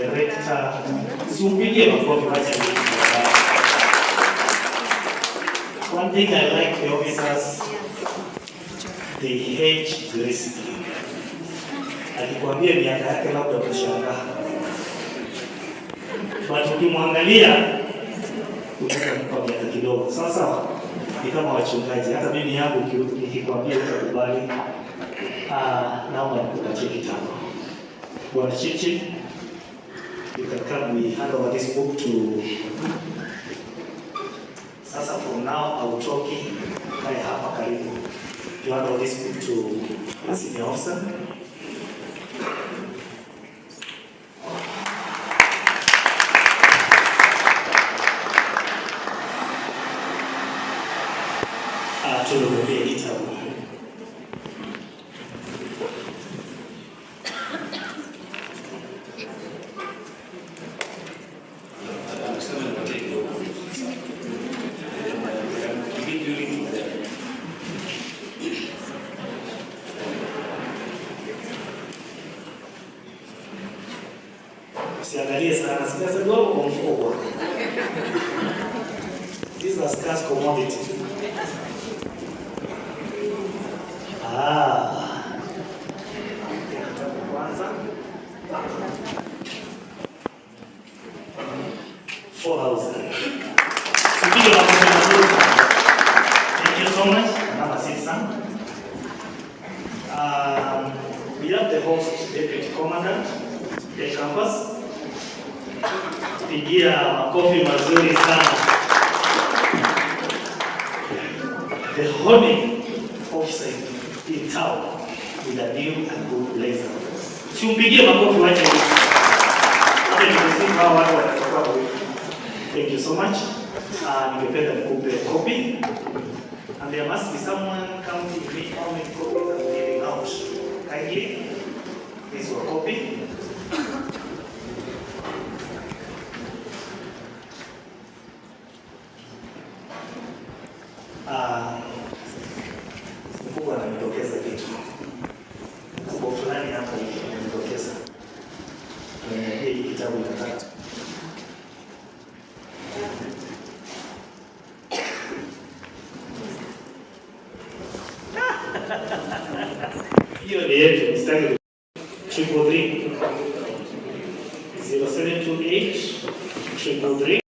Rekta, simpigie makofi basi. One thing I like the officers, they hate gracefully. Akikwambia miaka yake labda utashangaa. Basi ukimwangalia unaweza kumpa miaka kidogo. Sasa ni kama wachungaji, hata mimi yangu nikikwambia utakubali. Ah, naomba nikupatie kitabu. Bwana Chichi You can kindly hand over this book to... Sasa from now autoki naye hapa karibu. You hand over this book to senior officer. Uh, tulikuwa vitabu Если английская она смеется главу, он over. Business cash commodity. Ah. Four thousand. Thank you so much. Um, we have the host deputy commandant, the campus. kupigia makofi mazuri sana. The honey of in town with a new and good blazer. Tupigie makofi wacha hivi. Hawa watu watatoka huko. Thank you so much. Uh, ningependa nikupe copy. And there must be someone counting me how many copies I'm giving out. Kindly, please copy. muita gente. Pioneiro, século Chico encontrei. Se você me é puniu, Chico encontrei.